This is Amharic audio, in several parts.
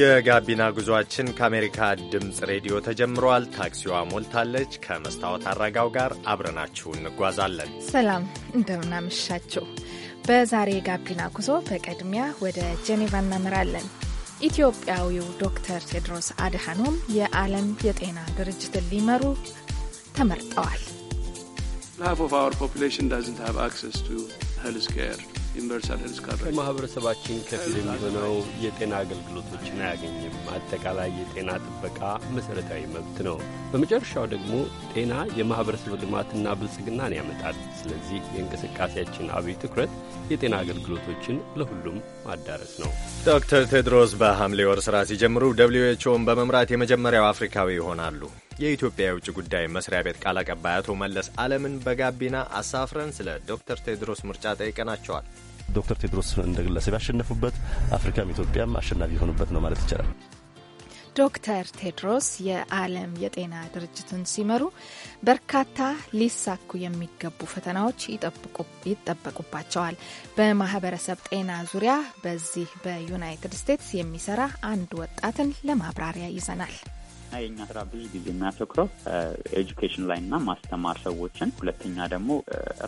የጋቢና ጉዟችን ከአሜሪካ ድምፅ ሬዲዮ ተጀምረዋል። ታክሲዋ ሞልታለች። ከመስታወት አረጋው ጋር አብረናችሁ እንጓዛለን። ሰላም እንደምናመሻችሁ። በዛሬ የጋቢና ጉዞ በቅድሚያ ወደ ጄኔቫ እናምራለን። ኢትዮጵያዊው ዶክተር ቴድሮስ አድሃኖም የዓለም የጤና ድርጅትን ሊመሩ ተመርጠዋል። ሀፍ ኦፍ አወር ዳዝንት ሃቭ አክሰስ ቱ ሄልዝ ኬር ዩኒቨርሳል ስካር ማህበረሰባችን ከፊል የሚሆነው የጤና አገልግሎቶችን አያገኝም። አጠቃላይ የጤና ጥበቃ መሠረታዊ መብት ነው። በመጨረሻው ደግሞ ጤና የማህበረሰብ ልማትና ብልጽግናን ያመጣል። ስለዚህ የእንቅስቃሴያችን አብይ ትኩረት የጤና አገልግሎቶችን ለሁሉም ማዳረስ ነው። ዶክተር ቴድሮስ በሐምሌ ወር ስራ ሲጀምሩ ደብልዩ ኤችኦን በመምራት የመጀመሪያው አፍሪካዊ ይሆናሉ። የኢትዮጵያ የውጭ ጉዳይ መስሪያ ቤት ቃል አቀባይ አቶ መለስ አለምን በጋቢና አሳፍረን ስለ ዶክተር ቴድሮስ ምርጫ ጠይቀናቸዋል። ዶክተር ቴድሮስ እንደግለሰብ ያሸነፉበት አፍሪካም ኢትዮጵያም አሸናፊ የሆኑበት ነው ማለት ይቻላል። ዶክተር ቴድሮስ የዓለም የጤና ድርጅትን ሲመሩ በርካታ ሊሳኩ የሚገቡ ፈተናዎች ይጠበቁባቸዋል። በማህበረሰብ ጤና ዙሪያ በዚህ በዩናይትድ ስቴትስ የሚሰራ አንድ ወጣትን ለማብራሪያ ይዘናል። እና የእኛ ስራ ብዙ ጊዜ የሚያተኩረው ኤጁኬሽን ላይ እና ማስተማር ሰዎችን፣ ሁለተኛ ደግሞ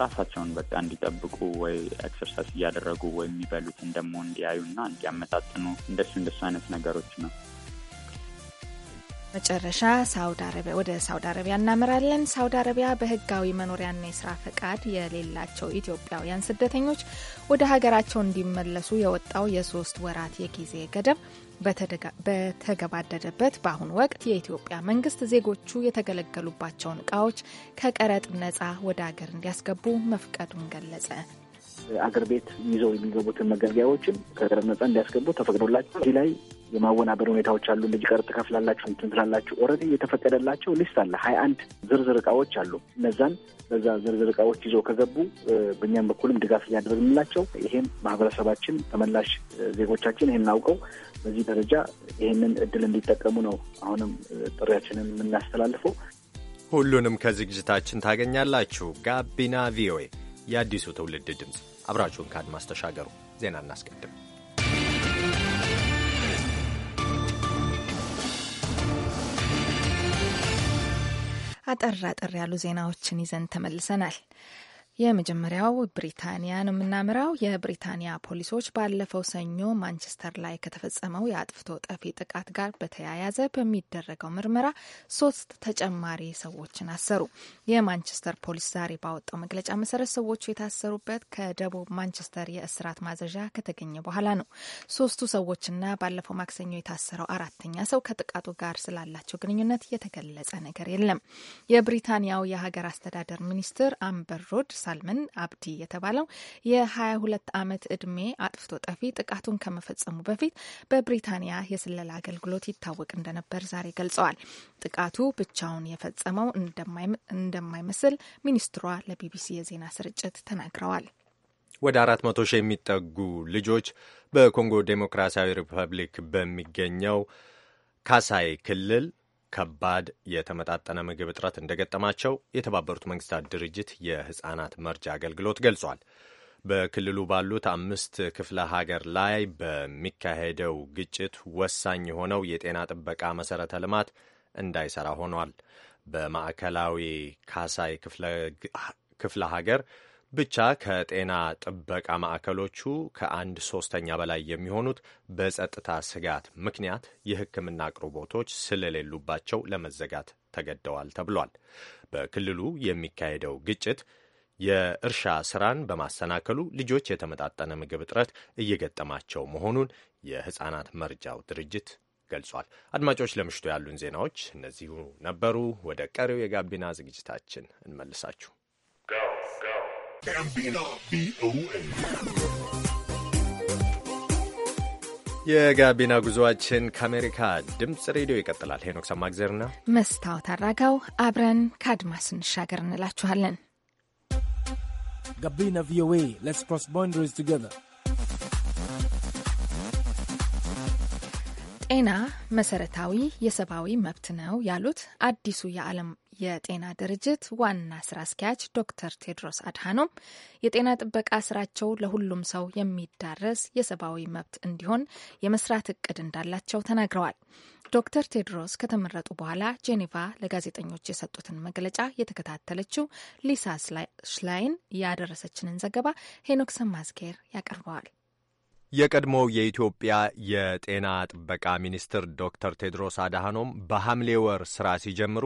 ራሳቸውን በቃ እንዲጠብቁ ወይ ኤክሰርሳይዝ እያደረጉ ወይ የሚበሉትን ደግሞ እንዲያዩ እና እንዲያመጣጥኑ እንደሱ እንደሱ አይነት ነገሮች ነው። መጨረሻ ሳውዲ አረቢያ ወደ ሳውዲ አረቢያ እናምራለን። ሳውዲ አረቢያ በህጋዊ መኖሪያና የስራ ፈቃድ የሌላቸው ኢትዮጵያውያን ስደተኞች ወደ ሀገራቸው እንዲመለሱ የወጣው የሶስት ወራት የጊዜ ገደብ በተገባደደበት በአሁኑ ወቅት የኢትዮጵያ መንግስት ዜጎቹ የተገለገሉባቸውን እቃዎች ከቀረጥ ነጻ ወደ አገር እንዲያስገቡ መፍቀዱን ገለጸ። አገር ቤት ይዘው የሚገቡትን መገልገያዎችን ከቀረጥ ነጻ እንዲያስገቡ ተፈቅዶላቸው እዚህ ላይ የማወናበር ሁኔታዎች አሉ። ልጅ ቀር ትከፍላላችሁ፣ እንትን ትላላችሁ። ኦልሬዲ የተፈቀደላቸው ሊስት አለ። ሀያ አንድ ዝርዝር እቃዎች አሉ። እነዛን በዛ ዝርዝር እቃዎች ይዘው ከገቡ በእኛም በኩልም ድጋፍ እያደረግንላቸው ይሄም ማህበረሰባችን ተመላሽ ዜጎቻችን ይህን አውቀው በዚህ ደረጃ ይህንን እድል እንዲጠቀሙ ነው አሁንም ጥሪያችንን የምናስተላልፈው። ሁሉንም ከዝግጅታችን ታገኛላችሁ። ጋቢና ቪኦኤ የአዲሱ ትውልድ ድምፅ፣ አብራችሁን ከአድማስ ተሻገሩ። ዜና እናስቀድም። አጠር አጠር ያሉ ዜናዎችን ይዘን ተመልሰናል። የመጀመሪያው ብሪታንያ ነው የምናምራው። የብሪታንያ ፖሊሶች ባለፈው ሰኞ ማንቸስተር ላይ ከተፈጸመው የአጥፍቶ ጠፊ ጥቃት ጋር በተያያዘ በሚደረገው ምርመራ ሶስት ተጨማሪ ሰዎችን አሰሩ። የማንቸስተር ፖሊስ ዛሬ ባወጣው መግለጫ መሰረት ሰዎቹ የታሰሩበት ከደቡብ ማንቸስተር የእስራት ማዘዣ ከተገኘ በኋላ ነው። ሶስቱ ሰዎችና ባለፈው ማክሰኞ የታሰረው አራተኛ ሰው ከጥቃቱ ጋር ስላላቸው ግንኙነት የተገለጸ ነገር የለም። የብሪታንያው የሀገር አስተዳደር ሚኒስትር አምበር ሮድ ሳልመን አብዲ የተባለው የ22 ዓመት ዕድሜ አጥፍቶ ጠፊ ጥቃቱን ከመፈጸሙ በፊት በብሪታንያ የስለላ አገልግሎት ይታወቅ እንደነበር ዛሬ ገልጸዋል። ጥቃቱ ብቻውን የፈጸመው እንደማይመስል ሚኒስትሯ ለቢቢሲ የዜና ስርጭት ተናግረዋል። ወደ አራት መቶ ሺህ የሚጠጉ ልጆች በኮንጎ ዴሞክራሲያዊ ሪፐብሊክ በሚገኘው ካሳይ ክልል ከባድ የተመጣጠነ ምግብ እጥረት እንደገጠማቸው የተባበሩት መንግስታት ድርጅት የህጻናት መርጃ አገልግሎት ገልጿል። በክልሉ ባሉት አምስት ክፍለ ሀገር ላይ በሚካሄደው ግጭት ወሳኝ የሆነው የጤና ጥበቃ መሠረተ ልማት እንዳይሰራ ሆኗል። በማዕከላዊ ካሳይ ክፍለ ሀገር ብቻ ከጤና ጥበቃ ማዕከሎቹ ከአንድ ሶስተኛ በላይ የሚሆኑት በጸጥታ ስጋት ምክንያት የሕክምና አቅርቦቶች ስለሌሉባቸው ለመዘጋት ተገደዋል ተብሏል። በክልሉ የሚካሄደው ግጭት የእርሻ ስራን በማሰናከሉ ልጆች የተመጣጠነ ምግብ እጥረት እየገጠማቸው መሆኑን የሕፃናት መርጃው ድርጅት ገልጿል። አድማጮች፣ ለምሽቱ ያሉን ዜናዎች እነዚሁ ነበሩ። ወደ ቀሪው የጋቢና ዝግጅታችን እንመልሳችሁ። የጋቢና ጉዞአችን ከአሜሪካ ድምፅ ሬዲዮ ይቀጥላል። ሄኖክ ሰማግዘርና መስታወት አራጋው አብረን ከአድማስ እንሻገር እንላችኋለን። ጋቢና ቪኦኤ ሌትስ ክሮስ ቦንደሪስ ቱጌዘር ጤና መሰረታዊ የሰብአዊ መብት ነው ያሉት አዲሱ የዓለም የጤና ድርጅት ዋና ስራ አስኪያጅ ዶክተር ቴድሮስ አድሃኖም የጤና ጥበቃ ስራቸው ለሁሉም ሰው የሚዳረስ የሰብአዊ መብት እንዲሆን የመስራት እቅድ እንዳላቸው ተናግረዋል። ዶክተር ቴድሮስ ከተመረጡ በኋላ ጄኔቫ ለጋዜጠኞች የሰጡትን መግለጫ የተከታተለችው ሊሳ ሽላይን ያደረሰችንን ዘገባ ሄኖክ ሰማዝጌር ያቀርበዋል። የቀድሞው የኢትዮጵያ የጤና ጥበቃ ሚኒስትር ዶክተር ቴድሮስ አድሃኖም በሐምሌ ወር ስራ ሲጀምሩ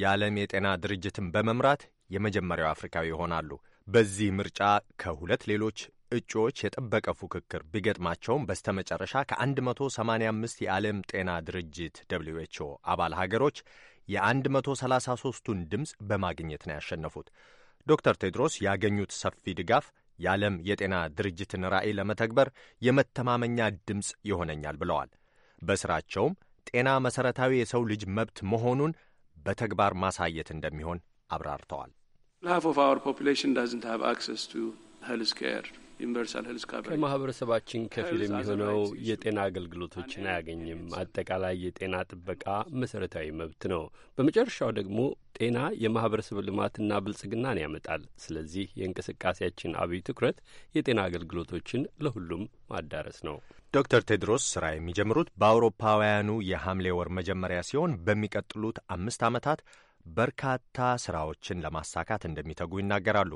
የዓለም የጤና ድርጅትን በመምራት የመጀመሪያው አፍሪካዊ ይሆናሉ። በዚህ ምርጫ ከሁለት ሌሎች እጩዎች የጠበቀ ፉክክር ቢገጥማቸውም በስተመጨረሻ ከ185 የዓለም ጤና ድርጅት ደብልዩ ኤች ኦ አባል ሀገሮች የ133ቱን ድምፅ በማግኘት ነው ያሸነፉት። ዶክተር ቴድሮስ ያገኙት ሰፊ ድጋፍ የዓለም የጤና ድርጅትን ራዕይ ለመተግበር የመተማመኛ ድምፅ ይሆነኛል ብለዋል። በስራቸውም ጤና መሠረታዊ የሰው ልጅ መብት መሆኑን በተግባር ማሳየት እንደሚሆን አብራርተዋል። ሃፍ ኦፍ አወር ፖፑሌሽን ዳዝንት ሃቭ አክሰስ ቱ ሄልስ ኬር ዩኒቨርሳል ሄልስ ካቨሬጅ ከማህበረሰባችን ከፊል የሚሆነው የጤና አገልግሎቶችን አያገኝም። አጠቃላይ የጤና ጥበቃ መሰረታዊ መብት ነው። በመጨረሻው ደግሞ ጤና የማህበረሰብ ልማትና ብልጽግናን ያመጣል። ስለዚህ የእንቅስቃሴያችን አብይ ትኩረት የጤና አገልግሎቶችን ለሁሉም ማዳረስ ነው። ዶክተር ቴድሮስ ስራ የሚጀምሩት በአውሮፓውያኑ የሐምሌ ወር መጀመሪያ ሲሆን በሚቀጥሉት አምስት ዓመታት በርካታ ስራዎችን ለማሳካት እንደሚተጉ ይናገራሉ።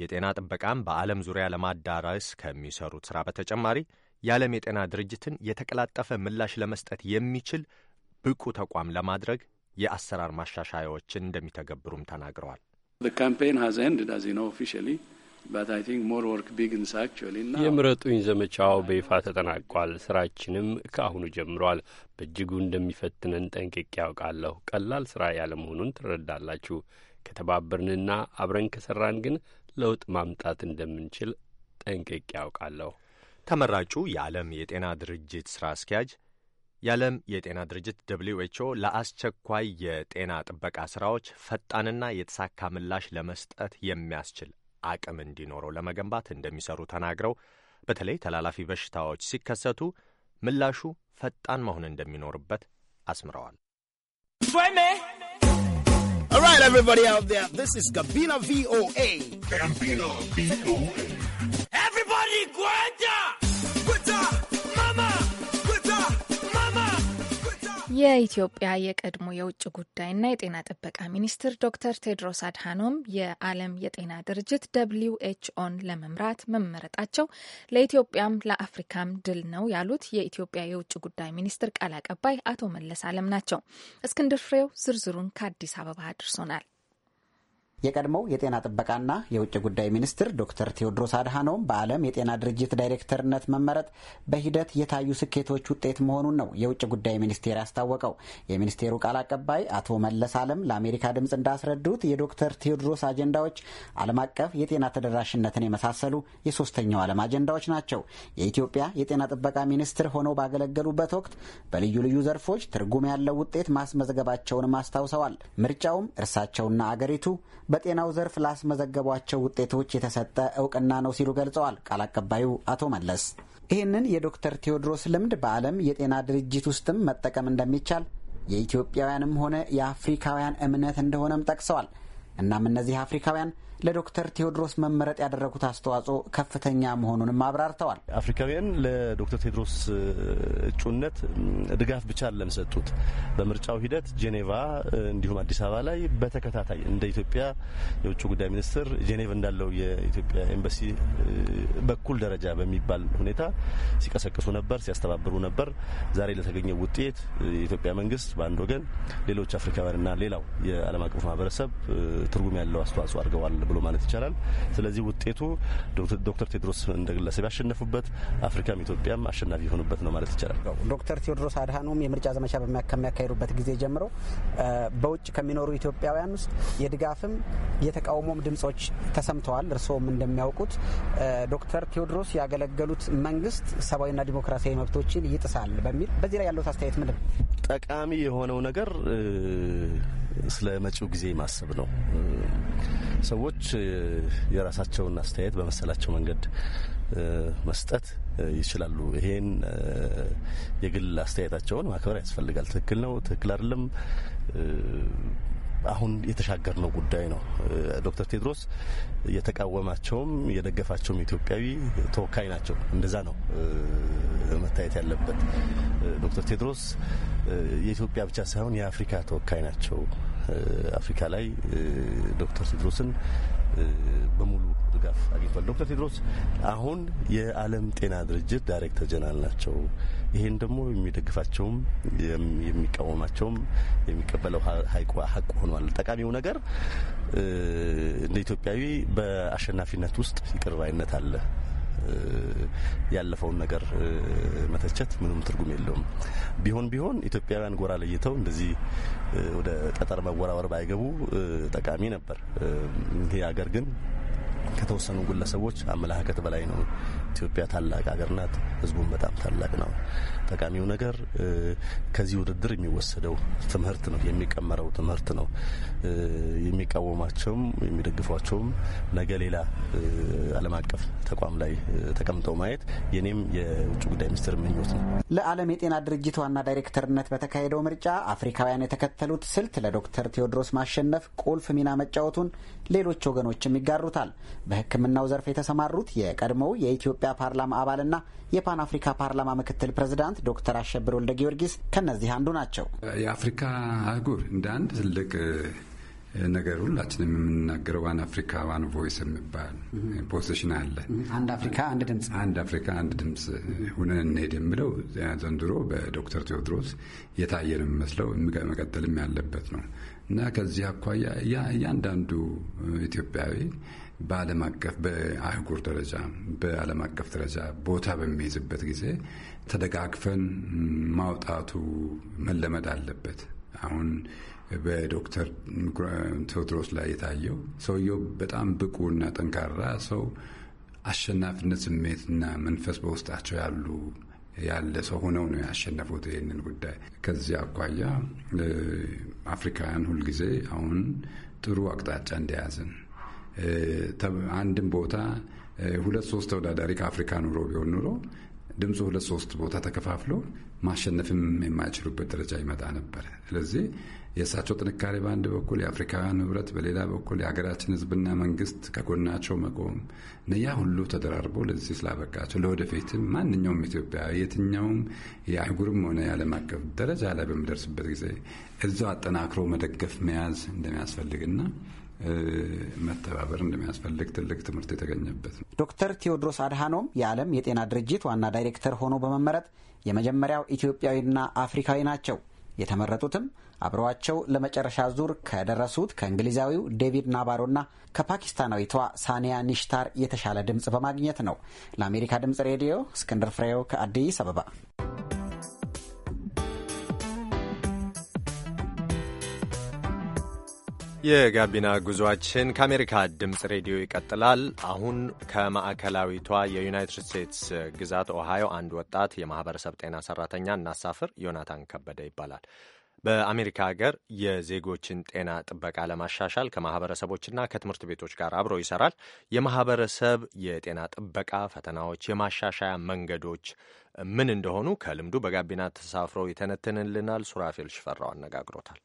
የጤና ጥበቃም በዓለም ዙሪያ ለማዳረስ ከሚሰሩት ሥራ በተጨማሪ የዓለም የጤና ድርጅትን የተቀላጠፈ ምላሽ ለመስጠት የሚችል ብቁ ተቋም ለማድረግ የአሰራር ማሻሻያዎችን እንደሚተገብሩም ተናግረዋል። የምረጡኝ ዘመቻው በይፋ ተጠናቋል። ስራችንም ከአሁኑ ጀምሯል። በእጅጉ እንደሚፈትነን ጠንቅቄ ያውቃለሁ። ቀላል ስራ ያለመሆኑን ትረዳላችሁ። ከተባበርንና አብረን ከሰራን ግን ለውጥ ማምጣት እንደምንችል ጠንቅቄ ያውቃለሁ። ተመራጩ የዓለም የጤና ድርጅት ሥራ አስኪያጅ የዓለም የጤና ድርጅት ደብሊው ኤች ኦ ለአስቸኳይ የጤና ጥበቃ ሥራዎች ፈጣንና የተሳካ ምላሽ ለመስጠት የሚያስችል አቅም እንዲኖረው ለመገንባት እንደሚሰሩ ተናግረው በተለይ ተላላፊ በሽታዎች ሲከሰቱ ምላሹ ፈጣን መሆን እንደሚኖርበት አስምረዋል። right, everybody out there, this is Gabina VOA. Gabina VOA. የኢትዮጵያ የቀድሞ የውጭ ጉዳይና የጤና ጥበቃ ሚኒስትር ዶክተር ቴድሮስ አድሃኖም የዓለም የጤና ድርጅት ደብሊው ኤች ኦን ለመምራት መመረጣቸው ለኢትዮጵያም ለአፍሪካም ድል ነው ያሉት የኢትዮጵያ የውጭ ጉዳይ ሚኒስትር ቃል አቀባይ አቶ መለስ አለም ናቸው። እስክንድር ፍሬው ዝርዝሩን ከአዲስ አበባ አድርሶናል። የቀድሞው የጤና ጥበቃና የውጭ ጉዳይ ሚኒስትር ዶክተር ቴዎድሮስ አድሃኖም በዓለም የጤና ድርጅት ዳይሬክተርነት መመረጥ በሂደት የታዩ ስኬቶች ውጤት መሆኑን ነው የውጭ ጉዳይ ሚኒስቴር ያስታወቀው። የሚኒስቴሩ ቃል አቀባይ አቶ መለስ አለም ለአሜሪካ ድምፅ እንዳስረዱት የዶክተር ቴዎድሮስ አጀንዳዎች ዓለም አቀፍ የጤና ተደራሽነትን የመሳሰሉ የሶስተኛው ዓለም አጀንዳዎች ናቸው። የኢትዮጵያ የጤና ጥበቃ ሚኒስትር ሆነው ባገለገሉበት ወቅት በልዩ ልዩ ዘርፎች ትርጉም ያለው ውጤት ማስመዝገባቸውንም አስታውሰዋል። ምርጫውም እርሳቸውና አገሪቱ በጤናው ዘርፍ ላስመዘገቧቸው ውጤቶች የተሰጠ እውቅና ነው ሲሉ ገልጸዋል ቃል አቀባዩ አቶ መለስ። ይህንን የዶክተር ቴዎድሮስ ልምድ በዓለም የጤና ድርጅት ውስጥም መጠቀም እንደሚቻል የኢትዮጵያውያንም ሆነ የአፍሪካውያን እምነት እንደሆነም ጠቅሰዋል። እናም እነዚህ አፍሪካውያን ለዶክተር ቴዎድሮስ መመረጥ ያደረጉት አስተዋጽኦ ከፍተኛ መሆኑንም አብራርተዋል። አፍሪካውያን ለዶክተር ቴዎድሮስ እጩነት ድጋፍ ብቻ አለም ሰጡት። በምርጫው ሂደት ጄኔቫ፣ እንዲሁም አዲስ አበባ ላይ በተከታታይ እንደ ኢትዮጵያ የውጭ ጉዳይ ሚኒስትር ጄኔቭ እንዳለው የኢትዮጵያ ኤምባሲ በኩል ደረጃ በሚባል ሁኔታ ሲቀሰቅሱ ነበር፣ ሲያስተባብሩ ነበር። ዛሬ ለተገኘው ውጤት የኢትዮጵያ መንግስት በአንድ ወገን ሌሎች አፍሪካውያንና ሌላው የዓለም አቀፍ ማህበረሰብ ትርጉም ያለው አስተዋጽኦ አድርገዋል ብሎ ማለት ይቻላል። ስለዚህ ውጤቱ ዶክተር ቴዎድሮስ እንደ ግለሰብ ያሸነፉበት፣ አፍሪካም ኢትዮጵያም አሸናፊ የሆኑበት ነው ማለት ይቻላል። ዶክተር ቴዎድሮስ አድሃኖም የምርጫ ዘመቻ ከሚያካሂዱበት ጊዜ ጀምሮ በውጭ ከሚኖሩ ኢትዮጵያውያን ውስጥ የድጋፍም የተቃውሞም ድምጾች ተሰምተዋል። እርስዎም እንደሚያውቁት ዶክተር ቴዎድሮስ ያገለገሉት መንግስት ሰብአዊና ዲሞክራሲያዊ መብቶችን ይጥሳል በሚል በዚህ ላይ ያለው አስተያየት ምንድን ነው? ጠቃሚ የሆነው ነገር ስለ መጪው ጊዜ ማሰብ ነው። ሰዎች የራሳቸውን አስተያየት በመሰላቸው መንገድ መስጠት ይችላሉ። ይሄን የግል አስተያየታቸውን ማክበር ያስፈልጋል። ትክክል ነው፣ ትክክል አይደለም አሁን የተሻገርነው ጉዳይ ነው። ዶክተር ቴድሮስ የተቃወማቸውም የደገፋቸውም ኢትዮጵያዊ ተወካይ ናቸው። እንደዛ ነው መታየት ያለበት። ዶክተር ቴድሮስ የኢትዮጵያ ብቻ ሳይሆን የአፍሪካ ተወካይ ናቸው። አፍሪካ ላይ ዶክተር ቴድሮስን በሙሉ ድጋፍ አግኝቷል። ዶክተር ቴድሮስ አሁን የዓለም ጤና ድርጅት ዳይሬክተር ጀነራል ናቸው። ይሄን ደግሞ የሚደግፋቸውም የሚቃወማቸውም የሚቀበለው ሀቅ ሆኗል። ጠቃሚው ነገር እንደ ኢትዮጵያዊ በአሸናፊነት ውስጥ ይቅርባይነት አለ። ያለፈውን ነገር መተቸት ምንም ትርጉም የለውም። ቢሆን ቢሆን ኢትዮጵያውያን ጎራ ለይተው እንደዚህ ወደ ጠጠር መወራወር ባይገቡ ጠቃሚ ነበር። ይሄ ሀገር ግን ከተወሰኑ ግለሰቦች አመለካከት በላይ ነው። ኢትዮጵያ ታላቅ ሀገር ናት። ህዝቡን በጣም ታላቅ ነው። ጠቃሚው ነገር ከዚህ ውድድር የሚወሰደው ትምህርት ነው፣ የሚቀመረው ትምህርት ነው። የሚቃወማቸውም የሚደግፏቸውም ነገ ሌላ ዓለም አቀፍ ተቋም ላይ ተቀምጠው ማየት የኔም የውጭ ጉዳይ ሚኒስትር ምኞት ነው። ለዓለም የጤና ድርጅት ዋና ዳይሬክተርነት በተካሄደው ምርጫ አፍሪካውያን የተከተሉት ስልት ለዶክተር ቴዎድሮስ ማሸነፍ ቁልፍ ሚና መጫወቱን ሌሎች ወገኖችም ይጋሩታል። በሕክምናው ዘርፍ የተሰማሩት የቀድሞው የኢትዮጵያ ፓርላማ አባልና የፓን አፍሪካ ፓርላማ ምክትል ፕሬዚዳንት። ዶክተር አሸብር ወልደ ጊዮርጊስ ከእነዚህ አንዱ ናቸው። የአፍሪካ አህጉር እንደ አንድ ትልቅ ነገር ሁላችንም የምንናገረው ዋን አፍሪካ ዋን ቮይስ የሚባል ፖዚሽን አለ። አንድ አፍሪካ አንድ ድምፅ፣ አንድ አፍሪካ አንድ ድምፅ ሁነን እንሄድ የምለው ዘንድሮ በዶክተር ቴዎድሮስ የታየ ነው የሚመስለው መቀጠልም ያለበት ነው እና ከዚህ አኳያ እያንዳንዱ ኢትዮጵያዊ በዓለም አቀፍ በአህጉር ደረጃ በዓለም አቀፍ ደረጃ ቦታ በሚይዝበት ጊዜ ተደጋግፈን ማውጣቱ መለመድ አለበት። አሁን በዶክተር ቴዎድሮስ ላይ የታየው ሰውየው በጣም ብቁና ጠንካራ ሰው አሸናፊነት ስሜትና መንፈስ በውስጣቸው ያሉ ያለ ሰው ሆነው ነው ያሸነፉት ይህንን ጉዳይ። ከዚህ አኳያ አፍሪካውያን ሁልጊዜ አሁን ጥሩ አቅጣጫ እንደያዝን አንድም ቦታ ሁለት ሶስት ተወዳዳሪ ከአፍሪካ ኑሮ ቢሆን ኑሮ ድምፁ ሁለት ሶስት ቦታ ተከፋፍሎ ማሸነፍም የማይችሉበት ደረጃ ይመጣ ነበረ። ስለዚህ የእሳቸው ጥንካሬ በአንድ በኩል የአፍሪካውያን ህብረት፣ በሌላ በኩል የሀገራችን ህዝብና መንግስት ከጎናቸው መቆም ነያ ሁሉ ተደራርቦ ለዚህ ስላበቃቸው ለወደፊትም ማንኛውም ኢትዮጵያ የትኛውም የአህጉርም ሆነ የዓለም አቀፍ ደረጃ ላይ በሚደርስበት ጊዜ እዛው አጠናክሮ መደገፍ መያዝ እንደሚያስፈልግና መተባበር እንደሚያስፈልግ ትልቅ ትምህርት የተገኘበት ነው። ዶክተር ቴዎድሮስ አድሃኖም የዓለም የጤና ድርጅት ዋና ዳይሬክተር ሆኖ በመመረጥ የመጀመሪያው ኢትዮጵያዊና አፍሪካዊ ናቸው። የተመረጡትም አብረዋቸው ለመጨረሻ ዙር ከደረሱት ከእንግሊዛዊው ዴቪድ ናባሮና ከፓኪስታናዊቷ ሳኒያ ኒሽታር የተሻለ ድምፅ በማግኘት ነው። ለአሜሪካ ድምፅ ሬዲዮ እስክንድር ፍሬው ከአዲስ አበባ የጋቢና ጉዞአችን ከአሜሪካ ድምፅ ሬዲዮ ይቀጥላል። አሁን ከማዕከላዊቷ የዩናይትድ ስቴትስ ግዛት ኦሃዮ አንድ ወጣት የማህበረሰብ ጤና ሰራተኛ እናሳፍር። ዮናታን ከበደ ይባላል። በአሜሪካ ሀገር የዜጎችን ጤና ጥበቃ ለማሻሻል ከማህበረሰቦችና ከትምህርት ቤቶች ጋር አብሮ ይሰራል። የማህበረሰብ የጤና ጥበቃ ፈተናዎች፣ የማሻሻያ መንገዶች ምን እንደሆኑ ከልምዱ በጋቢና ተሳፍሮ ይተነትንልናል። ሱራፌል ሽፈራው አነጋግሮታል።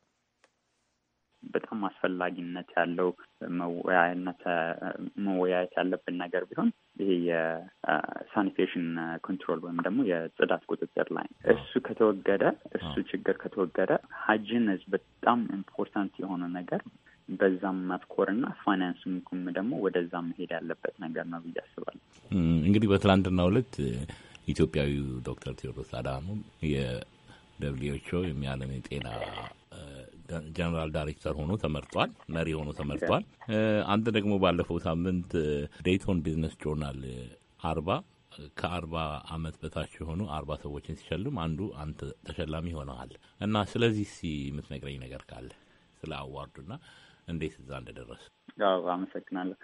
በጣም አስፈላጊነት ያለው መወያየት ያለብን ነገር ቢሆን ይሄ የሳኒቴሽን ኮንትሮል ወይም ደግሞ የጽዳት ቁጥጥር ላይ እሱ ከተወገደ እሱ ችግር ከተወገደ ሀጅን በጣም ኢምፖርታንት የሆነ ነገር በዛም ማትኮር እና ፋይናንስ ደግሞ ወደዛ መሄድ ያለበት ነገር ነው ብዬ አስባለሁ። እንግዲህ በትላንትናው ሁለት ኢትዮጵያዊው ዶክተር ቴዎድሮስ አድሃኖም የደብሊዎች ኤች የጤና ጀነራል ዳይሬክተር ሆኖ ተመርጧል። መሪ ሆኖ ተመርጧል። አንተ ደግሞ ባለፈው ሳምንት ዴይቶን ቢዝነስ ጆርናል አርባ ከአርባ አመት በታች የሆኑ አርባ ሰዎችን ሲሸልም አንዱ አንተ ተሸላሚ ሆነሃል እና ስለዚህ ሲ የምትነግረኝ ነገር ካለ ስለ አዋርዱና እንዴት እዛ እንደደረስ አመሰግናለሁ።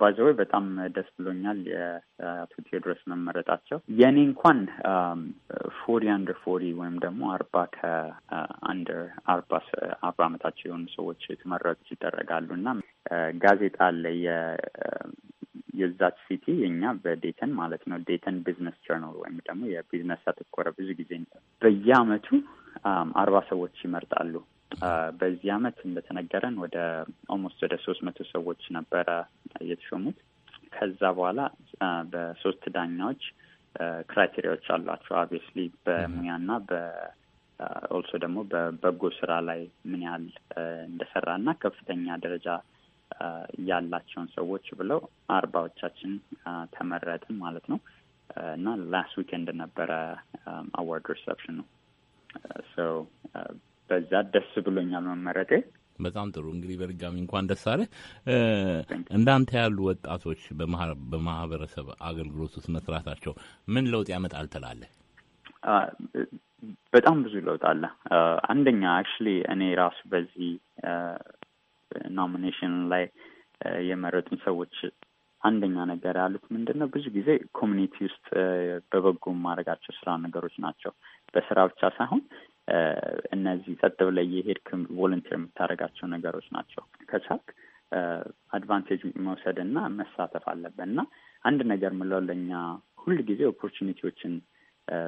ባዘወይ በጣም ደስ ብሎኛል የአቶ ቴዎድሮስ መመረጣቸው። የእኔ እንኳን ፎሪ አንደር ፎሪ ወይም ደግሞ አርባ ከአንደር አርባ አርባ ዓመታቸው የሆኑ ሰዎች የተመረጡ ይደረጋሉ እና ጋዜጣ አለ የዛች ሲቲ የኛ በዴተን ማለት ነው ዴተን ቢዝነስ ጆርናል ወይም ደግሞ የቢዝነስ ያተኮረ ብዙ ጊዜ በየአመቱ አርባ ሰዎች ይመርጣሉ በዚህ አመት እንደተነገረን ወደ ኦልሞስት ወደ ሶስት መቶ ሰዎች ነበረ የተሾሙት። ከዛ በኋላ በሶስት ዳኛዎች ክራይቴሪያዎች አሏቸው። ኦብቪየስሊ በሙያና በኦልሶ ደግሞ በበጎ ስራ ላይ ምን ያህል እንደሰራ እና ከፍተኛ ደረጃ ያላቸውን ሰዎች ብለው አርባዎቻችን ተመረጥን ማለት ነው እና ላስት ዊኬንድ ነበረ አዋርድ ሪሰፕሽን ነው። በዛ ደስ ብሎኛል መመረጤ። በጣም ጥሩ እንግዲህ በድጋሚ እንኳን ደስ አለ። እንዳንተ ያሉ ወጣቶች በማህበረሰብ አገልግሎት ውስጥ መስራታቸው ምን ለውጥ ያመጣል ትላለህ? በጣም ብዙ ለውጥ አለ። አንደኛ አክቹዋሊ እኔ ራሱ በዚህ ኖሚኔሽን ላይ የመረጡን ሰዎች አንደኛ ነገር ያሉት ምንድን ነው፣ ብዙ ጊዜ ኮሚኒቲ ውስጥ በበጎ ማድረጋቸው ስራ ነገሮች ናቸው። በስራ ብቻ ሳይሆን እነዚህ ጸጥ ብለህ እየሄድክ ቮለንቲር የምታደርጋቸው ነገሮች ናቸው። ከቻልክ አድቫንቴጅ መውሰድ እና መሳተፍ አለበት እና አንድ ነገር ምለው ለእኛ ሁል ጊዜ ኦፖርቹኒቲዎችን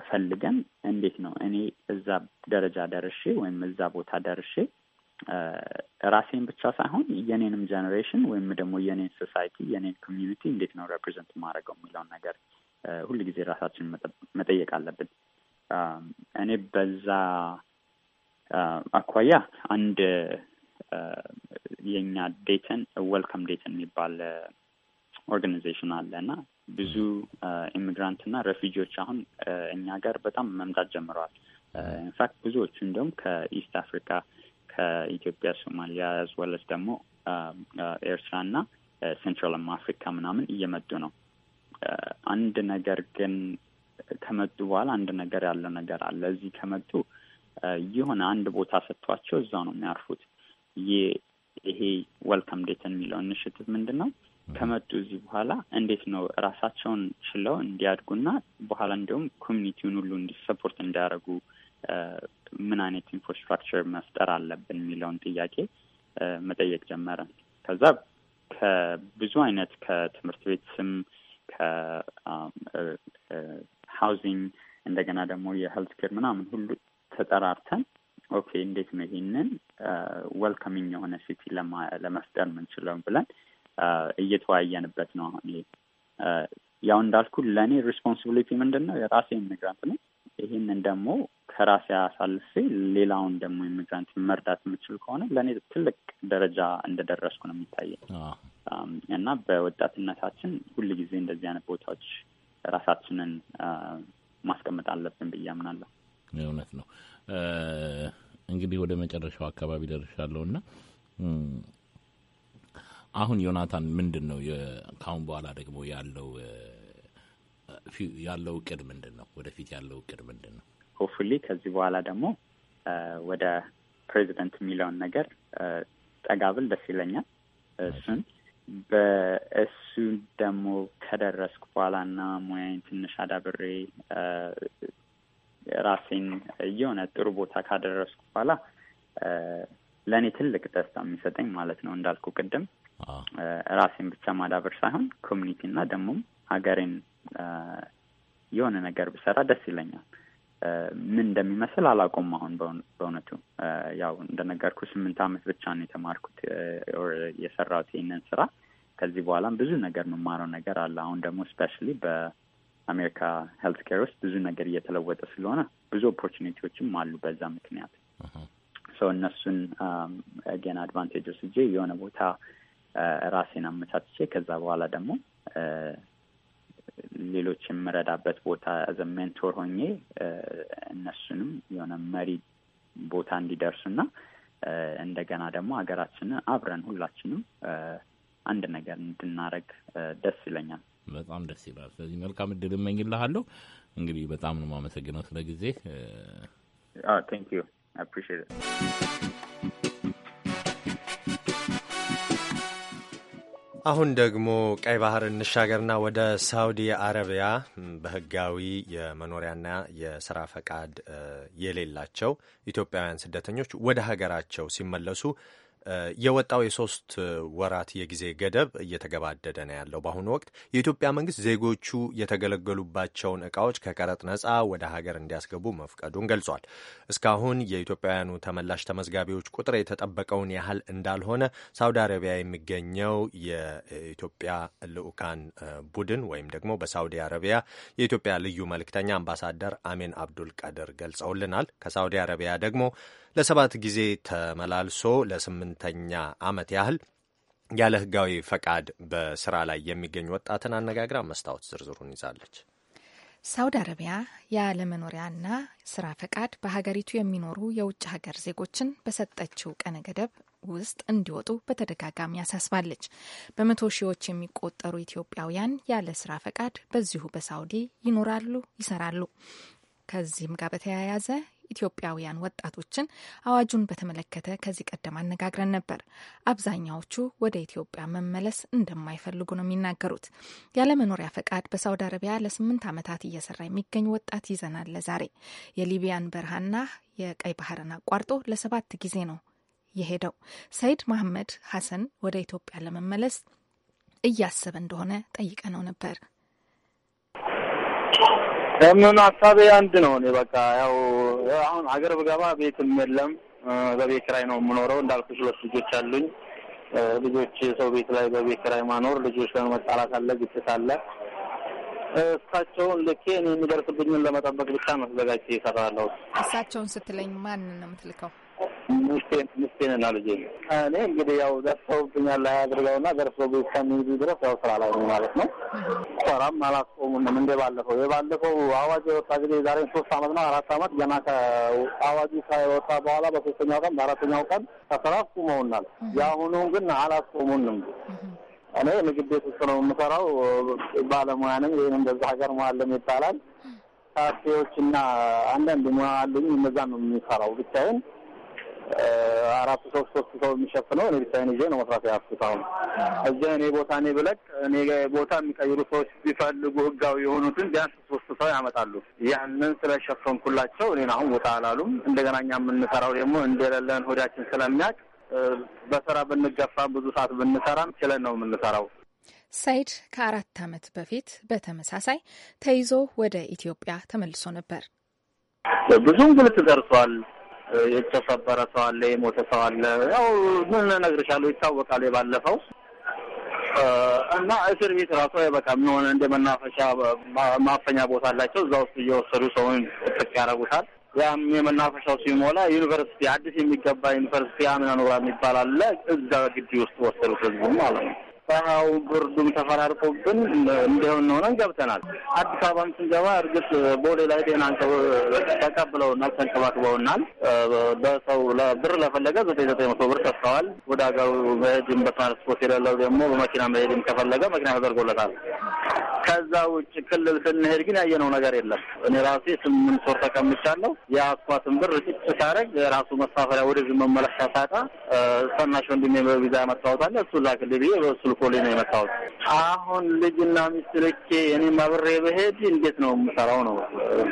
ፈልገን እንዴት ነው እኔ እዛ ደረጃ ደርሼ ወይም እዛ ቦታ ደርሼ ራሴን ብቻ ሳይሆን የኔንም ጀኔሬሽን ወይም ደግሞ የኔን ሶሳይቲ የኔን ኮሚዩኒቲ እንዴት ነው ሬፕሬዘንት ማድረገው የሚለውን ነገር ሁል ጊዜ ራሳችን መጠየቅ አለብን። Um, እኔ በዛ uh, አኳያ አንድ uh, የኛ ዴተን ወልካም ዴተን የሚባል ኦርጋናይዜሽን uh, አለ እና ብዙ ኢሚግራንት እና ረፊጂዎች አሁን እኛ ጋር በጣም መምጣት ጀምረዋል። ኢንፋክት ብዙዎቹ እንዲሁም ከኢስት አፍሪካ፣ ከኢትዮጵያ፣ ሶማሊያ ያዝወለስ ደግሞ um, ኤርትራ እና ሴንትራልም አፍሪካ ምናምን እየመጡ ነው። አንድ ነገር ግን ከመጡ በኋላ አንድ ነገር ያለው ነገር አለ። እዚህ ከመጡ የሆነ አንድ ቦታ ሰጥቷቸው እዛው ነው የሚያርፉት። ይሄ ወልካም ዴት የሚለው ኢኒሽቲቭ ምንድን ነው? ከመጡ እዚህ በኋላ እንዴት ነው ራሳቸውን ችለው እንዲያድጉና በኋላ እንዲሁም ኮሚኒቲውን ሁሉ እንዲሰፖርት እንዲያደርጉ ምን አይነት ኢንፍራስትራክቸር መፍጠር አለብን የሚለውን ጥያቄ መጠየቅ ጀመረ። ከዛ ከብዙ አይነት ከትምህርት ቤት ስም ሀውዚንግ እንደገና ደግሞ የሄልት ኬር ምናምን ሁሉ ተጠራርተን ኦኬ እንዴት ነው ይህንን ወልከሚኝ የሆነ ሲቲ ለመፍጠር የምንችለው ብለን እየተወያየንበት ነው። አሁን ይሄ ያው እንዳልኩ ለእኔ ሪስፖንሲቢሊቲ ምንድን ነው የራሴ ኢሚግራንት ነው። ይህንን ደግሞ ከራሴ አሳልፌ ሌላውን ደግሞ ኢሚግራንት መርዳት የምችል ከሆነ ለእኔ ትልቅ ደረጃ እንደደረስኩ ነው የሚታየኝ እና በወጣትነታችን ሁልጊዜ እንደዚህ አይነት ቦታዎች ራሳችንን ማስቀመጥ አለብን ብዬ አምናለሁ። እውነት ነው። እንግዲህ ወደ መጨረሻው አካባቢ ደርሻለሁ እና አሁን ዮናታን ምንድን ነው ከአሁን በኋላ ደግሞ ያለው ያለው እቅድ ምንድን ነው? ወደፊት ያለው እቅድ ምንድን ነው? ሆፕፉሊ ከዚህ በኋላ ደግሞ ወደ ፕሬዚደንት የሚለውን ነገር ጠጋብል ደስ ይለኛል። እሱን በእሱ ደግሞ ከደረስኩ በኋላ እና ሙያዬን ትንሽ አዳብሬ ራሴን የሆነ ጥሩ ቦታ ካደረስኩ በኋላ ለእኔ ትልቅ ደስታ የሚሰጠኝ ማለት ነው እንዳልኩ ቅድም ራሴን ብቻ ማዳበር ሳይሆን ኮሚኒቲ እና ደግሞም ሀገሬን የሆነ ነገር ብሰራ ደስ ይለኛል። ምን እንደሚመስል አላቆም አሁን በእውነቱ ያው እንደነገርኩ ስምንት ዓመት ብቻ ነው የተማርኩት የሰራሁት ይህንን ስራ። ከዚህ በኋላም ብዙ ነገር የምማረው ነገር አለ። አሁን ደግሞ ስፔሻሊ በአሜሪካ ሄልት ኬር ውስጥ ብዙ ነገር እየተለወጠ ስለሆነ ብዙ ኦፖርቹኒቲዎችም አሉ። በዛ ምክንያት ሰው እነሱን ገና አድቫንቴጅ ወስጄ የሆነ ቦታ ራሴን አመቻችቼ ከዛ በኋላ ደግሞ ሌሎች የምረዳበት ቦታ ዘ ሜንቶር ሆኜ እነሱንም የሆነ መሪ ቦታ እንዲደርሱና እንደገና ደግሞ ሀገራችንን አብረን ሁላችንም አንድ ነገር እንድናደረግ ደስ ይለኛል። በጣም ደስ ይላል። ስለዚህ መልካም እድል እመኝልሃለሁ። እንግዲህ በጣም ነው የማመሰግነው ስለ ጊዜ። ቴንክ ዩ አሁን ደግሞ ቀይ ባህር እንሻገርና ወደ ሳውዲ አረቢያ በህጋዊ የመኖሪያና የስራ ፈቃድ የሌላቸው ኢትዮጵያውያን ስደተኞች ወደ ሀገራቸው ሲመለሱ የወጣው የሶስት ወራት የጊዜ ገደብ እየተገባደደ ነው ያለው። በአሁኑ ወቅት የኢትዮጵያ መንግስት ዜጎቹ የተገለገሉባቸውን እቃዎች ከቀረጥ ነጻ ወደ ሀገር እንዲያስገቡ መፍቀዱን ገልጿል። እስካሁን የኢትዮጵያውያኑ ተመላሽ ተመዝጋቢዎች ቁጥር የተጠበቀውን ያህል እንዳልሆነ ሳውዲ አረቢያ የሚገኘው የኢትዮጵያ ልዑካን ቡድን ወይም ደግሞ በሳውዲ አረቢያ የኢትዮጵያ ልዩ መልእክተኛ አምባሳደር አሜን አብዱል ቀድር ገልጸውልናል። ከሳውዲ አረቢያ ደግሞ ለሰባት ጊዜ ተመላልሶ ለስምንተኛ ዓመት ያህል ያለ ህጋዊ ፈቃድ በስራ ላይ የሚገኝ ወጣትን አነጋግራ መስታወት ዝርዝሩን ይዛለች። ሳውዲ አረቢያ ያለመኖሪያና ስራ ፈቃድ በሀገሪቱ የሚኖሩ የውጭ ሀገር ዜጎችን በሰጠችው ቀነ ገደብ ውስጥ እንዲወጡ በተደጋጋሚ ያሳስባለች። በመቶ ሺዎች የሚቆጠሩ ኢትዮጵያውያን ያለ ስራ ፈቃድ በዚሁ በሳውዲ ይኖራሉ፣ ይሰራሉ። ከዚህም ጋር በተያያዘ ኢትዮጵያውያን ወጣቶችን አዋጁን በተመለከተ ከዚህ ቀደም አነጋግረን ነበር። አብዛኛዎቹ ወደ ኢትዮጵያ መመለስ እንደማይፈልጉ ነው የሚናገሩት። ያለመኖሪያ ፈቃድ በሳውዲ አረቢያ ለስምንት ዓመታት እየሰራ የሚገኝ ወጣት ይዘናል ለዛሬ የሊቢያን በረሃና የቀይ ባህርን አቋርጦ ለሰባት ጊዜ ነው የሄደው ሰይድ መሐመድ ሀሰን ወደ ኢትዮጵያ ለመመለስ እያሰበ እንደሆነ ጠይቀ ነው ነበር። የምንሆነ ሀሳቤ አንድ ነው። እኔ በቃ ያው አሁን ሀገር ብገባ ቤትም የለም፣ በቤት ኪራይ ነው የምኖረው። እንዳልኩሽ ሁለት ልጆች አሉኝ። ልጆች ሰው ቤት ላይ በቤት ኪራይ ማኖር ልጆች ጋር መጣላት አለ፣ ግጭት አለ። እሳቸውን ልኬ እኔ የሚደርስብኝን ለመጠበቅ ብቻ ነው ተዘጋጅቼ እሰራለሁ። እሳቸውን ስትለኝ ማንን ነው የምትልከው? ሚስቴን ሚስቴን እና ልጄ እኔ እንግዲህ ያው ዘርፈውብኛል ላይ አድርገውና ዘርፈው ቤት ከሚሄዱ ድረስ ያው ስራ ላይ ነው ማለት ነው። ኮራም አላስቆሙንም። እንደ ባለፈው የባለፈው አዋጅ የወጣ ጊዜ ዛሬ ሶስት አመት ነው አራት አመት ገና ከአዋጁ ከወጣ በኋላ በሶስተኛው ቀን በአራተኛው ቀን ከስራ አስቁመውናል። የአሁኑ ግን አላስቆሙንም። እኔ ምግብ ቤት ውስጥ ነው የምሰራው። ባለሙያ ነኝ። ይህን እንደዚ ሀገር መዋለም ይባላል። ካፌዎች እና አንዳንድ ሙያ አሉኝ። እነዛ ነው የሚሰራው ብቻዬን አራት ሰው ሶስት ሰው የሚሸፍነው እኔ ብቻዬን ይዤ ነው መስራት ያስኩት። አሁን እዚያ እኔ ቦታ እኔ ብለቅ እኔ ቦታ የሚቀይሩ ሰዎች ቢፈልጉ ህጋዊ የሆኑትን ቢያንስ ሶስት ሰው ያመጣሉ። ያንን ስለሸፈንኩላቸው እኔን አሁን ቦታ አላሉም። እንደገና እኛ የምንሰራው ደግሞ እንደሌለን ሆዳችን ስለሚያውቅ በስራ ብንገፋ ብዙ ሰዓት ብንሰራም ችለን ነው የምንሰራው። ሰይድ ከአራት ዓመት በፊት በተመሳሳይ ተይዞ ወደ ኢትዮጵያ ተመልሶ ነበር። ብዙ እንግልት ደርሷል። የተሰበረ ሰው አለ፣ የሞተ ሰው አለ። ያው ምን እነግርሻለሁ ይታወቃል የባለፈው እና እስር ቤት ራሱ አይበቃም። የሆነ እንደ መናፈሻ ማፈኛ ቦታ አላቸው። እዛ ውስጥ እየወሰዱ ሰውን ጥቅ ያደርጉታል። ያም የመናፈሻው ሲሞላ ዩኒቨርሲቲ አዲስ የሚገባ ዩኒቨርሲቲ አምናኖራ የሚባል አለ። እዛ ግቢ ውስጥ ወሰዱት ህዝቡ ማለት ነው። ፀሐው ብርዱም ተፈራርቆብን እንዲሆን ሆነን ገብተናል። አዲስ አበባም ስንገባ እርግጥ ቦሌ ላይ ጤና ተቀብለውና ተንከባክበውናል። በሰው ብር ለፈለገ ዘጠኝ ዘጠኝ መቶ ብር ሰጥተዋል። ወደ ሀገሩ መሄድም በትራንስፖርት የሌለው ደግሞ በመኪና መሄድም ከፈለገ መኪና ተደርጎለታል። ከዛ ውጭ ክልል ስንሄድ ግን ያየነው ነገር የለም። እኔ ራሴ ስምንት ወር ተቀምቻለሁ። የአስኳትን ብር ጭጭ ሲያደርግ ራሱ መሳፈሪያ ወደዚህ መመለሻ ሳጣ ሰናሽ ወንድሜ በቪዛ መታወታለ እሱ ላክል ብዬ በሱ ልኮልኝ ነው የመታወት። አሁን ልጅና ሚስት ልኬ እኔም አብሬ በሄድ እንዴት ነው የምሰራው ነው።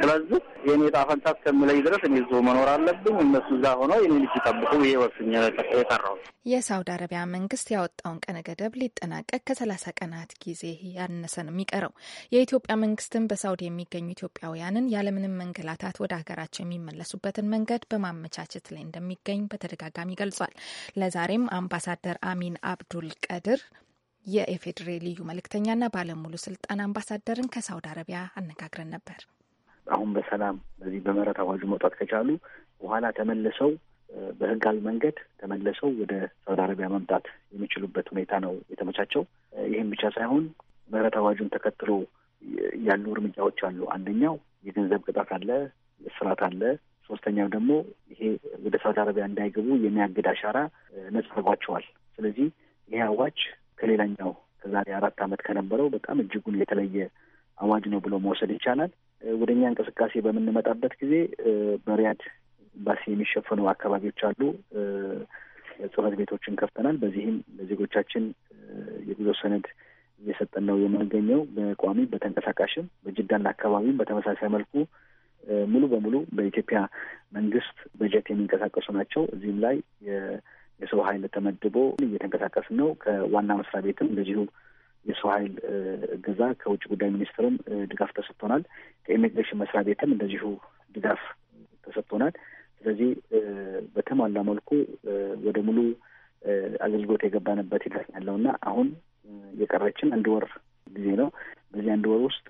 ስለዚህ የኔ ጣፈንታ እስከምለይ ድረስ እኔ እዚሁ መኖር አለብኝ፣ እነሱ እዛ ሆኖ የኔ ልጅ ይጠብቁ ብዬ ወስኜ የጠራው። የሳውዲ አረቢያ መንግስት ያወጣውን ቀነ ገደብ ሊጠናቀቅ ከሰላሳ ቀናት ጊዜ ያነሰ ነው የሚቀረው። የኢትዮጵያ መንግስትም በሳውዲ የሚገኙ ኢትዮጵያውያንን ያለምንም መንገላታት ወደ ሀገራቸው የሚመለሱበትን መንገድ በማመቻቸት ላይ እንደሚገኝ በተደጋጋሚ ገልጿል። ለዛሬም አምባሳደር አሚን አብዱል ቀድር የኢፌዴሪ ልዩ መልእክተኛና ባለሙሉ ስልጣን አምባሳደርን ከሳውዲ አረቢያ አነጋግረን ነበር። አሁን በሰላም በዚህ በምህረት አዋጁ መውጣት ከቻሉ በኋላ ተመልሰው በህጋዊ መንገድ ተመልሰው ወደ ሳውዲ አረቢያ መምጣት የሚችሉበት ሁኔታ ነው የተመቻቸው። ይህም ብቻ ሳይሆን ምህረት አዋጁን ተከትሎ ያሉ እርምጃዎች አሉ። አንደኛው የገንዘብ ቅጣት አለ፣ እስራት አለ። ሶስተኛው ደግሞ ይሄ ወደ ሳውዲ አረቢያ እንዳይገቡ የሚያግድ አሻራ ነጽፈጓቸዋል። ስለዚህ ይሄ አዋጅ ከሌላኛው ከዛሬ አራት ዓመት ከነበረው በጣም እጅጉን የተለየ አዋጅ ነው ብሎ መውሰድ ይቻላል። ወደ እኛ እንቅስቃሴ በምንመጣበት ጊዜ በሪያድ ኤምባሲ የሚሸፈኑ አካባቢዎች አሉ። ጽህፈት ቤቶችን ከፍተናል። በዚህም ለዜጎቻችን የጉዞ ሰነድ እየሰጠን ነው የምንገኘው በቋሚ በተንቀሳቃሽም፣ በጅዳና አካባቢም በተመሳሳይ መልኩ ሙሉ በሙሉ በኢትዮጵያ መንግስት በጀት የሚንቀሳቀሱ ናቸው። እዚህም ላይ የሰው ኃይል ተመድቦ እየተንቀሳቀስ ነው። ከዋና መስሪያ ቤትም እንደዚሁ የሰው ኃይል እገዛ ከውጭ ጉዳይ ሚኒስትርም ድጋፍ ተሰጥቶናል። ከኢሚግሬሽን መስሪያ ቤትም እንደዚሁ ድጋፍ ተሰጥቶናል። ስለዚህ በተሟላ መልኩ ወደ ሙሉ አገልግሎት የገባንበት ሂደት ያለው እና አሁን የቀረችን አንድ ወር ጊዜ ነው። በዚህ አንድ ወር ውስጥ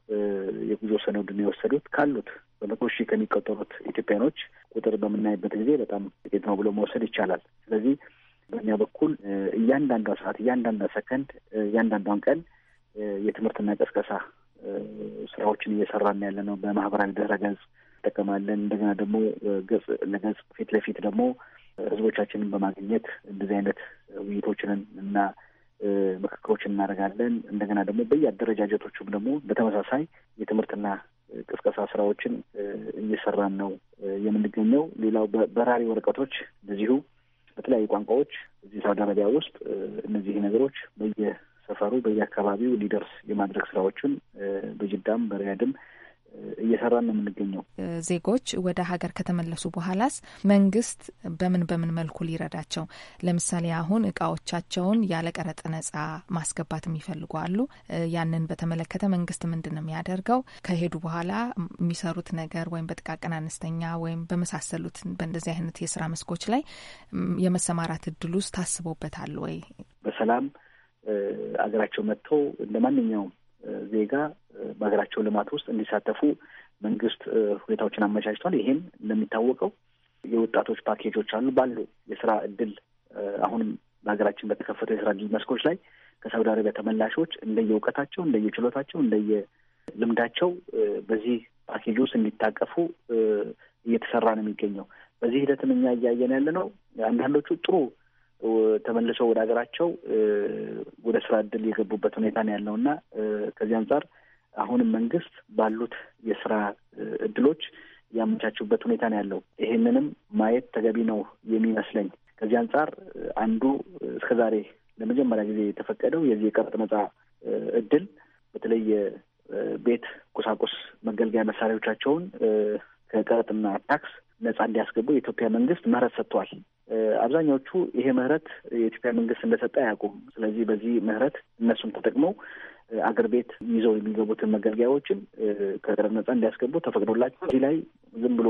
የጉዞ ሰነዱን የወሰዱት ካሉት በመቶ ሺህ ከሚቆጠሩት ኢትዮጵያኖች ቁጥር በምናይበት ጊዜ በጣም ጥቂት ነው ብሎ መውሰድ ይቻላል። ስለዚህ በእኛ በኩል እያንዳንዷ ሰዓት፣ እያንዳንዷ ሰከንድ፣ እያንዳንዷን ቀን የትምህርትና ቀስቀሳ ስራዎችን እየሰራን ያለ ነው። በማህበራዊ ድረ ገጽ እንጠቀማለን። እንደገና ደግሞ ገጽ ለገጽ ፊት ለፊት ደግሞ ህዝቦቻችንን በማግኘት እንደዚህ አይነት ውይይቶችንን እና ምክክሮችን እናደርጋለን። እንደገና ደግሞ በየአደረጃጀቶቹም ደግሞ በተመሳሳይ የትምህርትና ቅስቀሳ ስራዎችን እየሰራን ነው የምንገኘው። ሌላው በራሪ ወረቀቶች እንደዚሁ በተለያዩ ቋንቋዎች እዚህ ሳውዲ አረቢያ ውስጥ እነዚህ ነገሮች በየሰፈሩ በየአካባቢው ሊደርስ የማድረግ ስራዎችን በጅዳም በሪያድም እየሰራን ነው የምንገኘው። ዜጎች ወደ ሀገር ከተመለሱ በኋላስ መንግስት በምን በምን መልኩ ሊረዳቸው? ለምሳሌ አሁን እቃዎቻቸውን ያለ ቀረጥ ነጻ ማስገባት የሚፈልጉ አሉ። ያንን በተመለከተ መንግስት ምንድን ነው የሚያደርገው? ከሄዱ በኋላ የሚሰሩት ነገር ወይም በጥቃቅን አነስተኛ ወይም በመሳሰሉት በእንደዚህ አይነት የስራ መስኮች ላይ የመሰማራት እድሉ ውስጥ ታስቦበታል ወይ? በሰላም አገራቸው መጥተው እንደ ማንኛውም ዜጋ በሀገራቸው ልማት ውስጥ እንዲሳተፉ መንግስት ሁኔታዎችን አመቻችቷል። ይሄም እንደሚታወቀው የወጣቶች ፓኬጆች አሉ። ባሉ የስራ እድል አሁንም በሀገራችን በተከፈተው የስራ እድል መስኮች ላይ ከሳውዲ አረቢያ ተመላሾች እንደየ እንደየ እውቀታቸው ችሎታቸው እንደየ ልምዳቸው በዚህ ፓኬጅ ውስጥ እንዲታቀፉ እየተሰራ ነው የሚገኘው። በዚህ ሂደትም እኛ እያየን ያለ ነው። አንዳንዶቹ ጥሩ ተመልሰው ወደ ሀገራቸው ወደ ስራ እድል የገቡበት ሁኔታ ነው ያለው እና ከዚህ አንጻር አሁንም መንግስት ባሉት የስራ እድሎች ያመቻቹበት ሁኔታ ነው ያለው። ይሄንንም ማየት ተገቢ ነው የሚመስለኝ። ከዚህ አንጻር አንዱ እስከዛሬ ለመጀመሪያ ጊዜ የተፈቀደው የዚህ የቀረጥ ነጻ እድል በተለይ የቤት ቁሳቁስ መገልገያ መሳሪያዎቻቸውን ከቀረጥና ታክስ ነጻ እንዲያስገቡ የኢትዮጵያ መንግስት መረት ሰጥቷል። አብዛኛዎቹ ይሄ ምህረት የኢትዮጵያ መንግስት እንደሰጠ አያውቁም። ስለዚህ በዚህ ምህረት እነሱም ተጠቅመው አገር ቤት ይዘው የሚገቡትን መገልገያዎችን ከቀረጥ ነጻ እንዲያስገቡ ተፈቅዶላቸው እዚህ ላይ ዝም ብሎ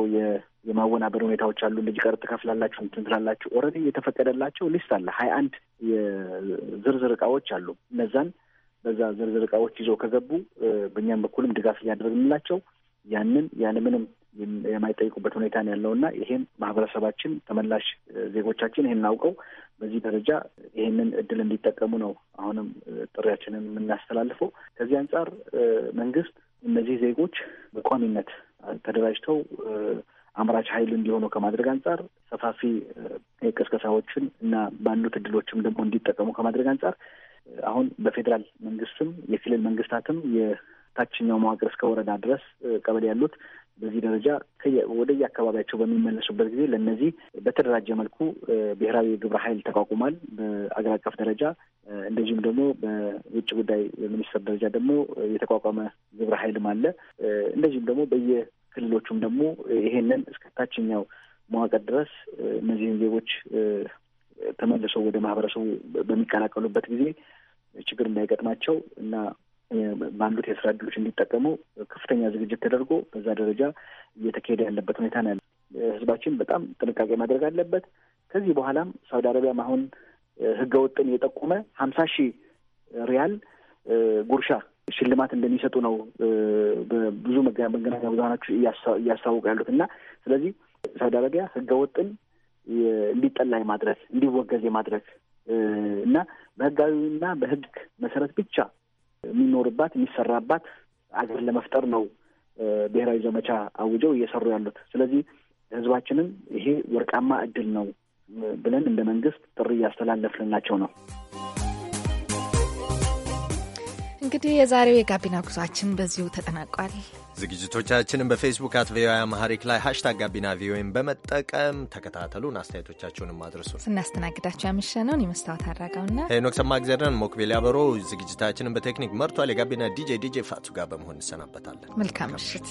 የማወናበር ሁኔታዎች አሉ። እንደዚህ ቀረጥ ትከፍላላችሁ፣ እንትን ትላላችሁ። ኦልሬዲ የተፈቀደላቸው ሊስት አለ። ሀያ አንድ የዝርዝር እቃዎች አሉ። እነዛን በዛ ዝርዝር እቃዎች ይዘው ከገቡ በእኛም በኩልም ድጋፍ እያደረግንላቸው ያንን ያለምንም የማይጠይቁበት ሁኔታ ነው ያለው እና ይሄም ማህበረሰባችን ተመላሽ ዜጎቻችን ይሄን አውቀው በዚህ ደረጃ ይሄንን እድል እንዲጠቀሙ ነው አሁንም ጥሪያችንን የምናስተላልፈው። ከዚህ አንጻር መንግስት እነዚህ ዜጎች በቋሚነት ተደራጅተው አምራች ኃይል እንዲሆኑ ከማድረግ አንጻር ሰፋፊ የቅስቀሳዎችን እና ባሉት እድሎችም ደግሞ እንዲጠቀሙ ከማድረግ አንጻር አሁን በፌዴራል መንግስትም የክልል መንግስታትም የታችኛው መዋቅር እስከ ወረዳ ድረስ ቀበሌ ያሉት በዚህ ደረጃ ወደ የአካባቢያቸው በሚመለሱበት ጊዜ ለእነዚህ በተደራጀ መልኩ ብሔራዊ የግብረ ኃይል ተቋቁሟል። በአገር አቀፍ ደረጃ እንደዚሁም ደግሞ በውጭ ጉዳይ ሚኒስቴር ደረጃ ደግሞ የተቋቋመ ግብረ ኃይልም አለ። እንደዚሁም ደግሞ በየክልሎቹም ደግሞ ይሄንን እስከ ታችኛው መዋቅር ድረስ እነዚህን ዜጎች ተመልሰው ወደ ማህበረሰቡ በሚቀላቀሉበት ጊዜ ችግር እንዳይገጥማቸው እና ባሉት የስራ እድሎች እንዲጠቀሙ ከፍተኛ ዝግጅት ተደርጎ በዛ ደረጃ እየተካሄደ ያለበት ሁኔታ ነው ያለ። ህዝባችን በጣም ጥንቃቄ ማድረግ አለበት። ከዚህ በኋላም ሳውዲ አረቢያም አሁን ህገ ወጥን የጠቆመ ሀምሳ ሺህ ሪያል ጉርሻ ሽልማት እንደሚሰጡ ነው በብዙ መገናኛ ብዙሀኖች እያስታወቁ ያሉት እና ስለዚህ ሳውዲ አረቢያ ህገ ወጥን እንዲጠላ የማድረግ እንዲወገዝ የማድረግ እና በህጋዊና በህግ መሰረት ብቻ የሚኖርባት የሚሰራባት አገር ለመፍጠር ነው ብሔራዊ ዘመቻ አውጀው እየሰሩ ያሉት። ስለዚህ ህዝባችንም ይሄ ወርቃማ እድል ነው ብለን እንደ መንግስት ጥሪ እያስተላለፍንላቸው ነው። እንግዲህ የዛሬው የጋቢና ጉዟችን በዚሁ ተጠናቋል። ዝግጅቶቻችንን በፌስቡክ አት ቪኦኤ አማሪክ ላይ ሀሽታግ ጋቢና ቪኦኤን በመጠቀም ተከታተሉን። አስተያየቶቻችሁንም አድርሱ። ስናስተናግዳችሁ ያመሸነውን የመስታወት አድራጋውና ሄኖክ ሰማእግዜርን ሞክቤል ያበሮ ዝግጅታችንን በቴክኒክ መርቷል። የጋቢና ዲጄ ዲጄ ፋቱ ጋር በመሆን እንሰናበታለን። መልካም ምሽት።